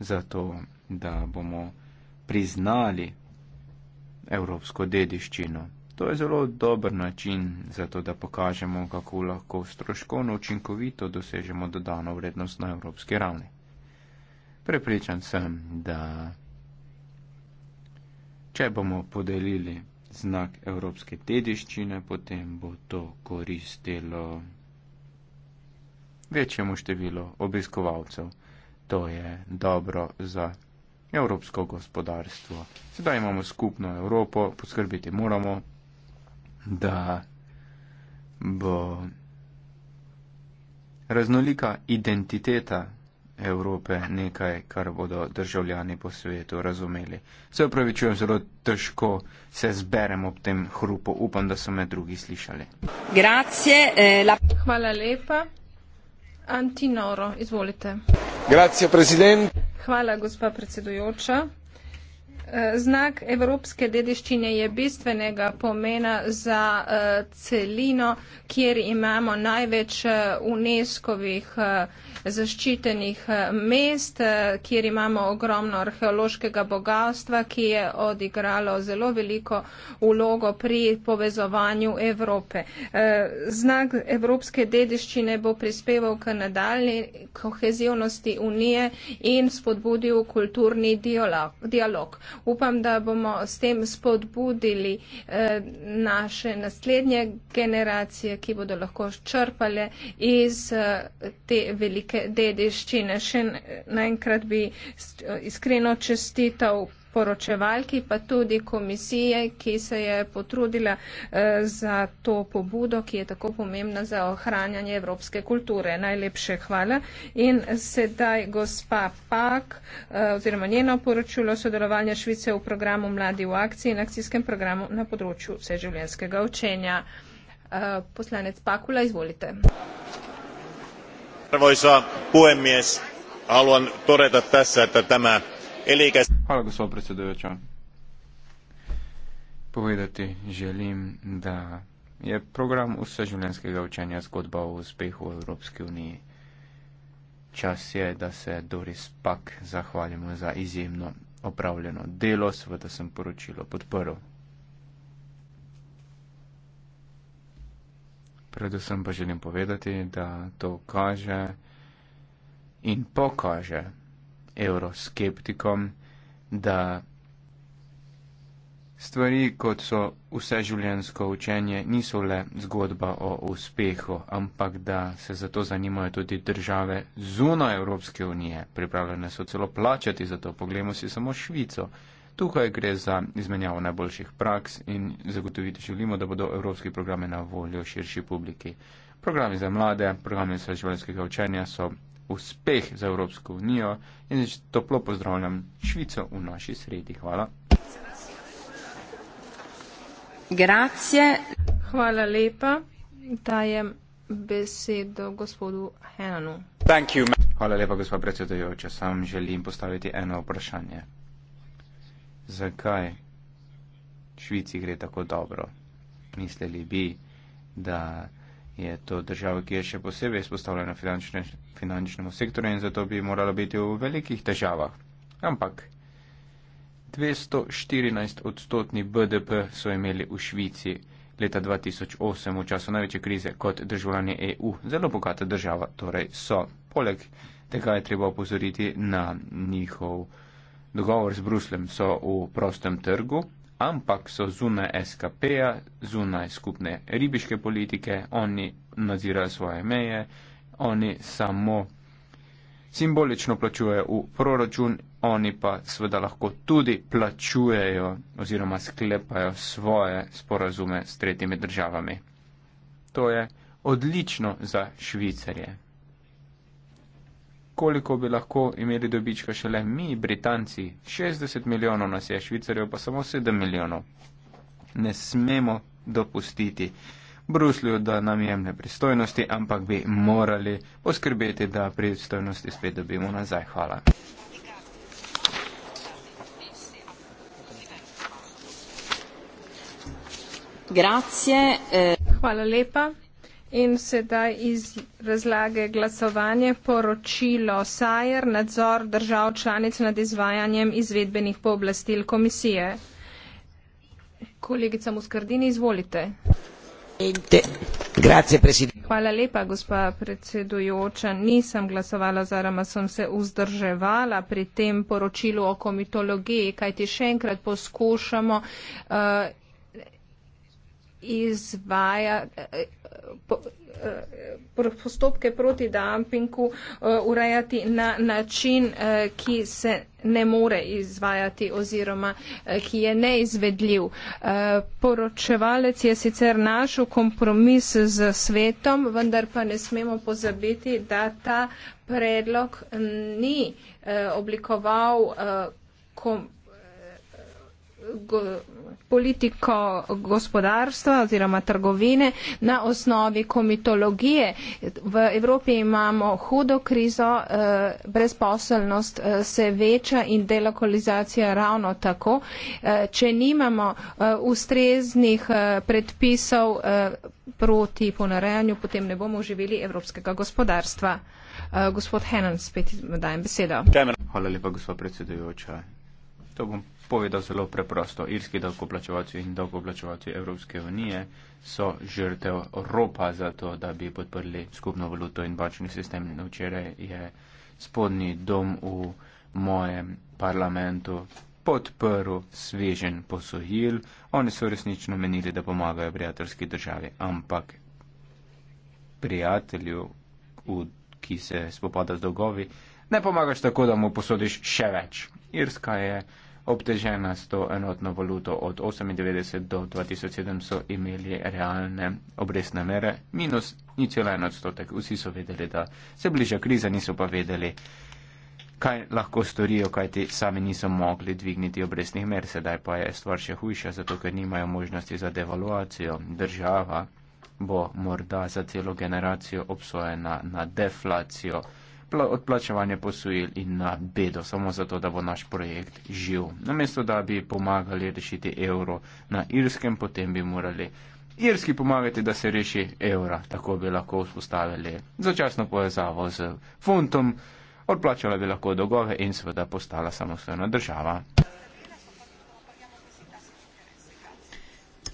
za to, da bomo priznali evropsko dediščino. To je zelo dober način za to, da pokažemo, kako lahko stroškovno učinkovito dosežemo dodano vrednost na evropski ravni. Prepričan sem, da če bomo podelili znak evropske dediščine, potem bo to koristilo večjemu številu obiskovalcev to je dobro za evropsko gospodarstvo. Sedaj imamo skupno Evropo, poskrbiti moramo, da bo raznolika identiteta Evrope nekaj, kar bodo državljani po svetu razumeli. Se upravičujem, zelo težko se zberem ob tem hrupu. Upam, da so me drugi slišali. Grazie, eh, la... Hvala lepa. Hvala, gospa predsedujoča. Znak evropske dediščine je bistvenega pomena za eh, celino, kjer imamo največ eh, UNESCO-vih eh, zaščitenih mest, kjer imamo ogromno arheološkega bogatstva, ki je odigralo zelo veliko ulogo pri povezovanju Evrope. Znak evropske dediščine bo prispeval k nadaljni kohezivnosti Unije in spodbudil kulturni dialog upam, da bomo s tem spodbudili eh, naše naslednje generacije, ki bodo lahko ščrpale iz eh, te velike dediščine. Še naenkrat bi eh, iskreno čestitev poročevalki, pa tudi komisije, ki se je potrudila eh, za to pobudo, ki je tako pomembna za ohranjanje evropske kulture. Najlepše hvala. In sedaj gospa Pak eh, oziroma njeno poročilo sodelovanja Švice v programu Mladi v akciji in akcijskem programu na področju vseživljenjskega učenja. Eh, poslanec Pakula, izvolite. Arvoisa puhemies, haluan todeta tässä, että tämä Elega. Hvala, gospod predsedujoča. Povedati želim, da je program vseživljenskega učenja zgodba o uspehu v Evropski uniji. Čas je, da se Doris Pak zahvalimo za izjemno opravljeno delo, seveda sem poročilo podprl. Predvsem pa želim povedati, da to kaže in pokaže euroskeptikom, da stvari, kot so vseživljensko učenje, niso le zgodba o uspehu, ampak da se za to zanimajo tudi države zunaj Evropske unije. Pripravljene so celo plačati za to. Poglejmo si samo Švico. Tukaj gre za izmenjavo najboljših praks in zagotoviti želimo, da bodo evropski programe na voljo širši publiki. Programi za mlade, programi za življenjskega učenja so uspeh za Evropsko unijo in zdaj toplo pozdravljam Švico v naši sredi. Hvala. Gracije. Hvala lepa. Dajem besedo gospodu Henanu. You, Hvala lepa, gospod predsedujoča. Sam želim postaviti eno vprašanje. Zakaj Švici gre tako dobro? Mislili bi, da je to država, ki je še posebej izpostavljena finančne, finančnemu sektorju in zato bi morala biti v velikih težavah. Ampak 214 odstotni BDP so imeli v Švici leta 2008 v času največje krize kot državljani EU. Zelo bogata država torej so. Poleg tega je treba opozoriti na njihov dogovor z Bruslem. So v prostem trgu, ampak so zunaj SKP-ja, zunaj skupne ribiške politike, oni nadzirajo svoje meje, oni samo simbolično plačujejo v proračun, oni pa seveda lahko tudi plačujejo oziroma sklepajo svoje sporazume s tretjimi državami. To je odlično za švicarje koliko bi lahko imeli dobička šele mi, Britanci. 60 milijonov nas je, Švicarjev pa samo 7 milijonov. Ne smemo dopustiti Bruslju, da nam jemne pristojnosti, ampak bi morali poskrbeti, da pristojnosti spet dobimo nazaj. Hvala. Grazie. Eh. Hvala lepa. In sedaj iz razlage glasovanje poročilo Sajer, nadzor držav članic nad izvajanjem izvedbenih pooblastil komisije. Kolegica Muskardini, izvolite. Hvala lepa, gospa predsedujoča. Nisem glasovala za rama, sem se vzdrževala pri tem poročilu o komitologiji, kajti še enkrat poskušamo uh, izvaja eh, eh, eh, postopke proti dampingu urejati na način, ki se ne more izvajati oziroma ki je neizvedljiv. Poročevalec je sicer našel kompromis z svetom, vendar pa ne smemo pozabiti, da ta predlog ni oblikoval kompromis go, politiko gospodarstva oziroma trgovine na osnovi komitologije. V Evropi imamo hudo krizo, eh, brezposelnost eh, se veča in delokalizacija ravno tako. Eh, če nimamo eh, ustreznih eh, predpisov eh, proti ponarejanju, potem ne bomo živeli evropskega gospodarstva. Uh, gospod Henan, spet dajem besedo. Hvala lepa, gospod predsedujoča. To bom povedal zelo preprosto. Irski davkoplačevalci in davkoplačevalci Evropske unije so žrtev ropa za to, da bi podprli skupno valuto in bančni sistem. In včeraj je spodnji dom v mojem parlamentu podprl svežen posojil. Oni so resnično menili, da pomagajo prijateljski državi, ampak prijatelju, ki se spopada z dolgovi, ne pomagaš tako, da mu posodiš še več. Irska je obtežena s to enotno valuto od 98 do 2007 so imeli realne obrestne mere, minus nič le en odstotek. Vsi so vedeli, da se bliža kriza, niso pa vedeli, kaj lahko storijo, kajti sami niso mogli dvigniti obrestnih mer, sedaj pa je stvar še hujša, zato ker nimajo možnosti za devaluacijo. Država bo morda za celo generacijo obsojena na deflacijo odplačevanje posojil in na bedo, samo zato, da bo naš projekt živ. Namesto, da bi pomagali rešiti evro na irskem, potem bi morali irski pomagati, da se reši evra. Tako bi lahko vzpostavili začasno povezavo z funtom, odplačala bi lahko dolgove in seveda postala samostojna država.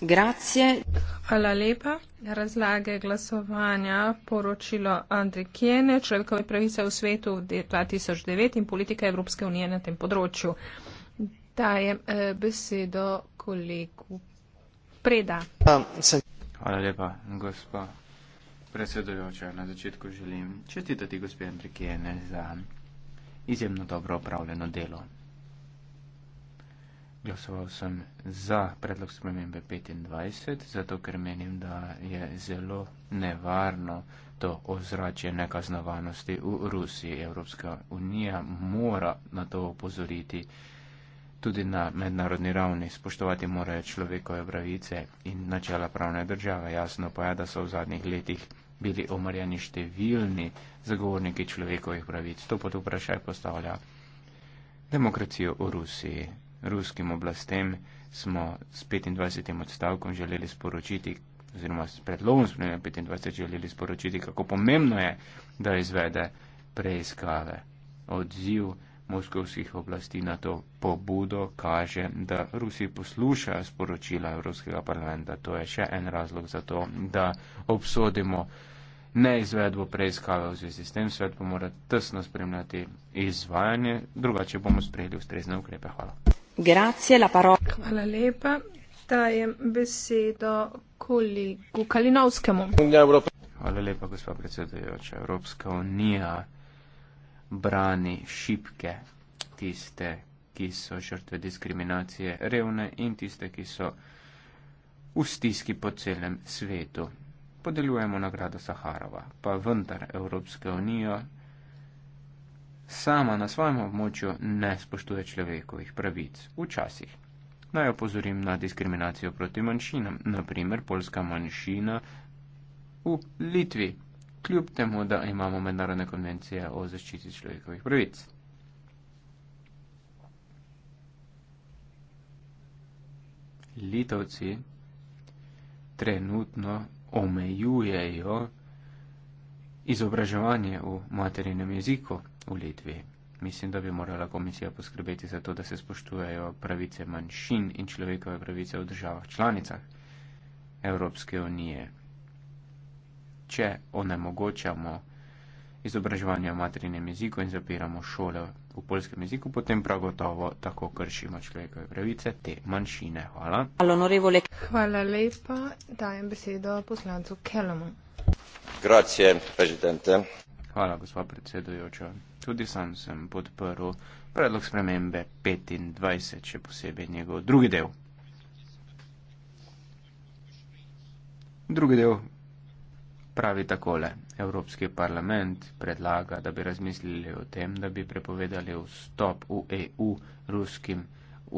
Grazie. Hvala lepa. Razlage glasovanja poročilo Andri Kjene, človekove pravice v svetu 2009 in politika Evropske unije na tem področju. Dajem eh, besedo kolegu Preda. Hvala lepa, gospod predsedujoča. Na začetku želim čestitati gospod Andri Kjene za izjemno dobro opravljeno delo glasoval sem za predlog spremembe 25, zato ker menim, da je zelo nevarno to ozračje nekaznovanosti v Rusiji. Evropska unija mora na to opozoriti tudi na mednarodni ravni, spoštovati morajo človekove pravice in načela pravne države. Jasno pa je, da so v zadnjih letih bili omarjani številni zagovorniki človekovih pravic. To pod vprašaj postavlja demokracijo v Rusiji ruskim oblastem smo s 25. odstavkom želeli sporočiti, oziroma s predlogom spremenja 25. želeli sporočiti, kako pomembno je, da izvede preiskave. Odziv moskovskih oblasti na to pobudo kaže, da Rusi poslušajo sporočila Evropskega parlamenta. To je še en razlog za to, da obsodimo ne izvedbo preiskave v zvezi s tem, svet pa mora tesno spremljati izvajanje, drugače bomo sprejeli ustrezne ukrepe. Hvala. Grazie, Hvala lepa. Dajem besedo kolegu Kalinovskemu. Hvala lepa, gospod predsedujoča. Evropska unija brani šipke tiste, ki so žrtve diskriminacije revne in tiste, ki so v stiski po celem svetu podeljujemo nagrado Saharova, pa vendar Evropska unija sama na svojem območju ne spoštuje človekovih pravic. Včasih. Naj opozorim na diskriminacijo proti manjšinam, naprimer polska manjšina v Litvi, kljub temu, da imamo mednarodne konvencije o zaščiti človekovih pravic. Litovci trenutno omejujejo izobraževanje v materinem jeziku v Litvi. Mislim, da bi morala komisija poskrbeti za to, da se spoštujejo pravice manjšin in človekove pravice v državah članicah Evropske unije. Če onemogočamo, izobraževanja v materinem jeziku in zapiramo šole v polskem jeziku, potem prav gotovo tako kršimo človekove pravice te manjšine. Hvala. Hvala lepa. Dajem besedo poslancu Kellemu. Grazie, prezidente. Hvala, gospa predsedujoča. Tudi sam sem podprl predlog spremembe 25, še posebej njegov drugi del. Drugi del pravi takole. Evropski parlament predlaga, da bi razmislili o tem, da bi prepovedali vstop v EU ruskim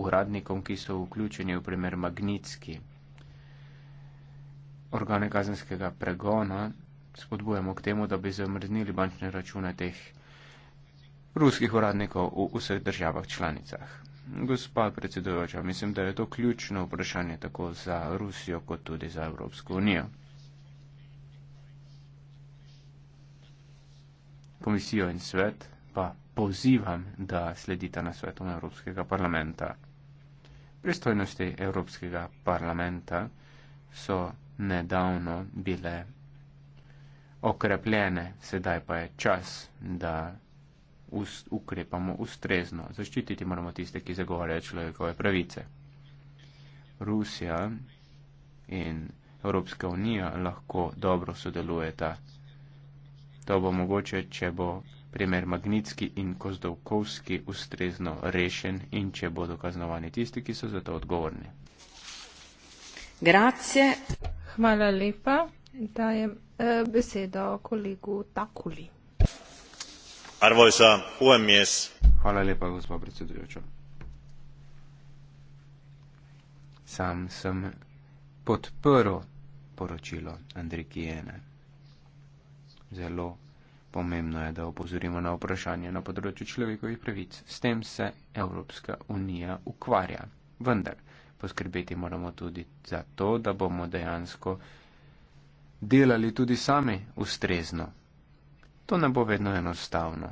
uradnikom, ki so vključeni v primer Magnitski. Organe kazenskega pregona spodbujamo k temu, da bi zamrznili bančne račune teh ruskih uradnikov v vseh državah članicah. Gospa predsedujoča, mislim, da je to ključno vprašanje tako za Rusijo kot tudi za Evropsko unijo. komisijo in svet pa pozivam, da sledite na svetom Evropskega parlamenta. Pristojnosti Evropskega parlamenta so nedavno bile okrepljene, sedaj pa je čas, da ukrepamo ustrezno. Zaščititi moramo tiste, ki zagovarjajo človekove pravice. Rusija in Evropska unija lahko dobro sodelujeta To bo mogoče, če bo primer Magnitski in Kozdovkovski ustrezno rešen in če bodo kaznovani tisti, ki so za to odgovorni. Grazie. Hvala lepa. Dajem eh, besedo kolegu Takuli. Arvojsa, UMS. Hvala lepa, gospod predsedujočo. Sam sem podprl poročilo Andrikijene zelo pomembno je, da opozorimo na vprašanje na področju človekovih pravic. S tem se Evropska unija ukvarja. Vendar poskrbeti moramo tudi za to, da bomo dejansko delali tudi sami ustrezno. To ne bo vedno enostavno.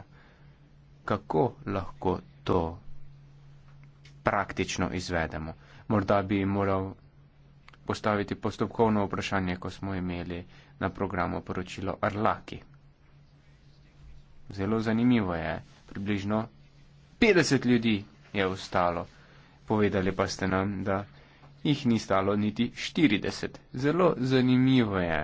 Kako lahko to praktično izvedemo? Morda bi moral postaviti postopkovno vprašanje, ko smo imeli na programu poročilo Arlaki. Zelo zanimivo je, približno 50 ljudi je ostalo. Povedali pa ste nam, da jih ni stalo niti 40. Zelo zanimivo je,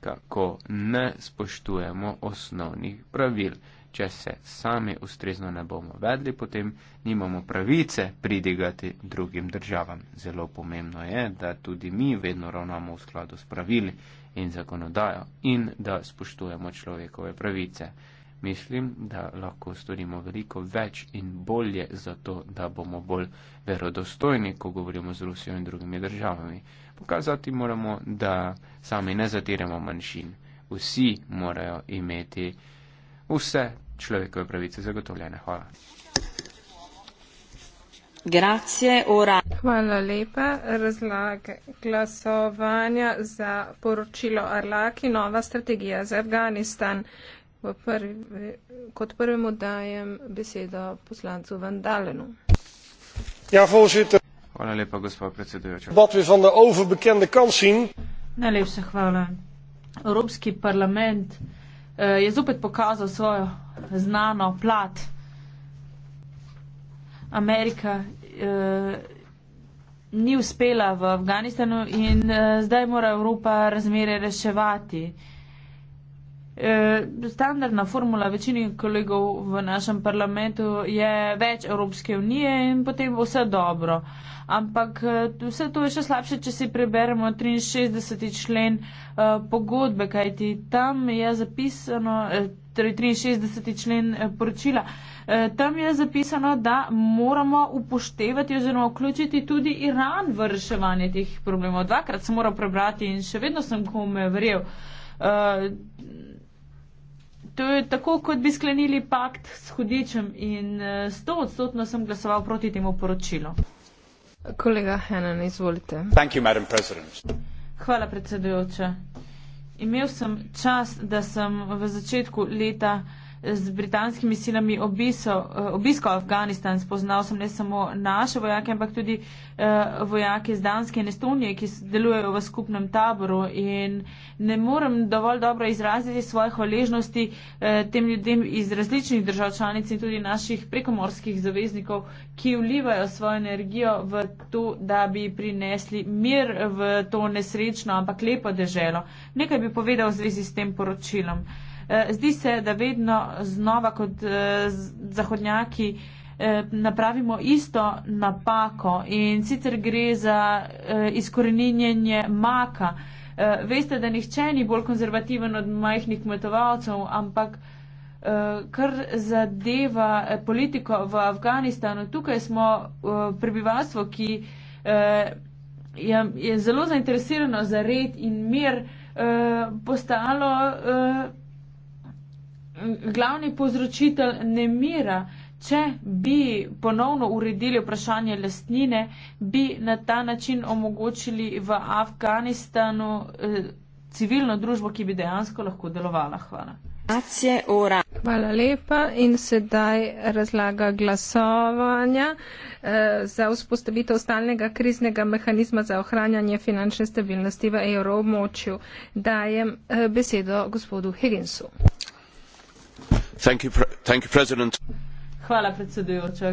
kako ne spoštujemo osnovnih pravil če se sami ustrezno ne bomo vedli, potem nimamo pravice pridigati drugim državam. Zelo pomembno je, da tudi mi vedno ravnamo v skladu s pravili in zakonodajo in da spoštujemo človekove pravice. Mislim, da lahko storimo veliko več in bolje zato, da bomo bolj verodostojni, ko govorimo z Rusijo in drugimi državami. Pokazati moramo, da sami ne zatiramo manjšin. Vsi morajo imeti vse človekove pravice zagotovljene. Hvala. Grazie, Hvala lepa. Razlag glasovanja za poročilo Arlaki, nova strategija za Afganistan. Prvi, kot prvemu dajem besedo poslancu Vandalenu. Ja, voorzitter. Hvala lepa, gospod predsedujoči. Wat we van de overbekende kans zien. Najlepša hvala. Evropski parlament. Eh, je zopet pokazal svojo znano plat. Amerika eh, ni uspela v Afganistanu in eh, zdaj mora Evropa razmere reševati. Eh, Eh, standardna formula večini kolegov v našem parlamentu je več Evropske unije in potem bo vse dobro. Ampak eh, vse to je še slabše, če si preberemo 63. člen eh, pogodbe, kajti tam je zapisano, torej 63. člen poročila, tam je zapisano, da moramo upoštevati oziroma vključiti tudi Iran v reševanje teh problemov. Dvakrat sem moral prebrati in še vedno sem kome verjel to je tako, kot bi sklenili pakt s hudičem in eh, sto odstotno sem glasoval proti temu poročilu. Kolega Henan, izvolite. You, Hvala, predsedujoča. Imel sem čas, da sem v začetku leta z britanskimi silami eh, obiskal Afganistan. Spoznal sem ne samo naše vojake, ampak tudi eh, vojake iz Danske in Estonije, ki delujejo v skupnem taboru. In ne morem dovolj dobro izraziti svoje hvaležnosti eh, tem ljudem iz različnih držav članic in tudi naših prekomorskih zaveznikov, ki vlivajo svojo energijo v to, da bi prinesli mir v to nesrečno, ampak lepo deželo. Nekaj bi povedal v zvezi s tem poročilom. Eh, zdi se, da vedno znova kot eh, zahodnjaki eh, napravimo isto napako in sicer gre za izkoreninjenje maka. Veste, da nihče ni bolj konzervativen od majhnih kmetovalcev, ampak kar zadeva politiko v Afganistanu, tukaj smo prebivalstvo, ki je zelo zainteresirano za red in mir, postalo glavni povzročitelj nemira. Če bi ponovno uredili vprašanje lastnine, bi na ta način omogočili v Afganistanu eh, civilno družbo, ki bi dejansko lahko delovala. Hvala. Hvala lepa in sedaj razlaga glasovanja eh, za vzpostavitev stalnega kriznega mehanizma za ohranjanje finančne stabilnosti v evroobmočju. Dajem eh, besedo gospodu Higginsu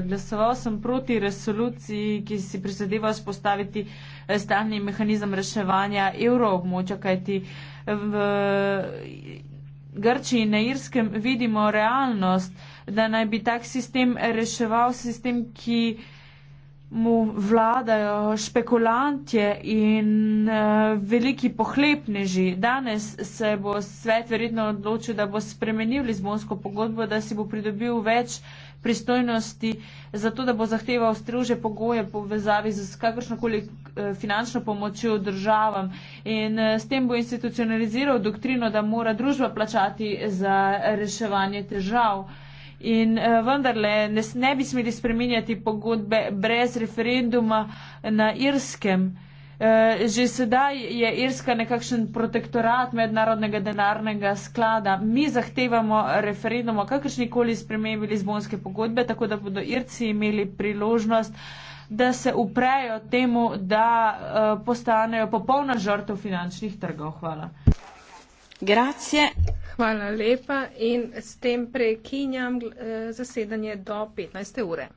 glasoval sem proti resoluciji ki si prizadeva vzpostaviti eh, stalni mehanizem reševanja evroobmočja kajti v Grčiji in na Irskem vidimo realnost da naj bi tak sistem reševal sistem ki uh, mu vladajo špekulantje in uh, veliki pohlepneži. Danes se bo svet verjetno odločil, da bo spremenil Lizbonsko pogodbo, da si bo pridobil več pristojnosti za to, da bo zahteval strože pogoje povezavi z kakršnokoli eh, finančno pomočjo državam in eh, s tem bo institucionaliziral doktrino, da mora družba plačati za reševanje težav. Uh, In uh, vendarle ne, ne bi smeli spreminjati pogodbe brez referenduma na Irskem. Uh, že sedaj je Irska nekakšen protektorat mednarodnega denarnega sklada. Mi zahtevamo referendum o kakršnikoli spremembi Lizbonske pogodbe, tako da bodo Irci imeli priložnost, da se uprejo temu, da uh, postanejo popolna žrtev finančnih trgov. Hvala. Grazie. Hvala lepa in s tem prekinjam eh, zasedanje do 15. ure.